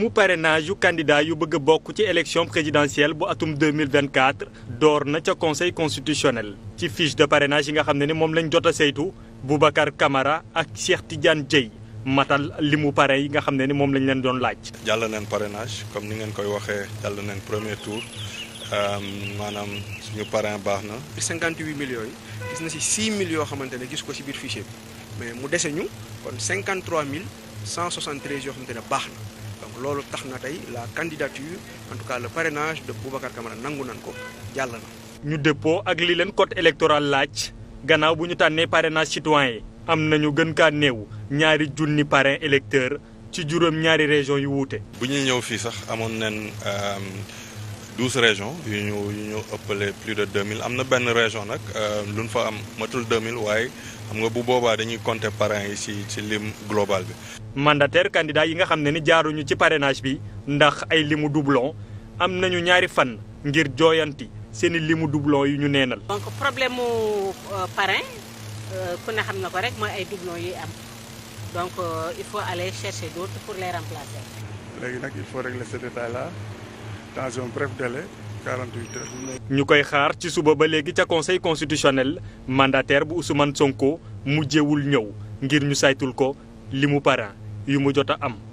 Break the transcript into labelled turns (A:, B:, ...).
A: mu parrainage yu candidat yu bëgg a bokk ci élection présidentielle bu atum 2024 door na ca conseil constitutionnel ci fiche de parrainage yi nga xam ne ni moom lañ jot a saytu Boubacar kamara ak Cheikh Tidiane Dieye matal li mu pare yi nga xam ne ni moom lañ leen doon laaj.
B: jàll neen parrainage comme ni ngeen koy waxee jàll neen premier tour euh, maanaam suñu parent baax na.
C: 58 millions yi gis na si 6 millions yoo xamante ne gis ko si biir fichier bi mais mu dese ñu kon 53 mille 173 yoo xamante ne baax na. donc loolu tax na tey la candidature en tout cas le parrainage de Boubacar Camara nangu nan ko jàll na.
A: ñu dëppoo ak li leen code électoral laaj gannaaw bu ñu tànnee parrainage citoyen yi am ñu gën kaa ñaari junni parrain électeur ci juróom ñaari région yu wuute.
B: bu ñuy ñëw fii sax amoon nañ. Euh, douze région yu ñu yu ñu ëppale plus de deux am na benn région nag euh, lu ñu fa am matul deux mille waaye xam nga bu boobaa dañuy compter parrains yi ci ci lim global bi. mandataire candidat yi nga xam ne ni jaaruñu ci parrainage
A: bi ndax ay limu doublon am nañu ñaari fan ngir jooyanti seen i limu doublon yu ñu neenal.
D: donc problème mu euh, parrain euh, ku ne xam na ko rek mooy ay doublon yi am donc il faut aller chercher d'autres pour les remplacer.
E: léegi nag il faut régler ce détail là. dans un bref ñu koy
A: xaar ci suba ba léegi ca conseil constitutionnel mandataire bu Ousmane Sonko mujjewul ñëw ngir ñu saytul ko li mu parent yi mu jot a am.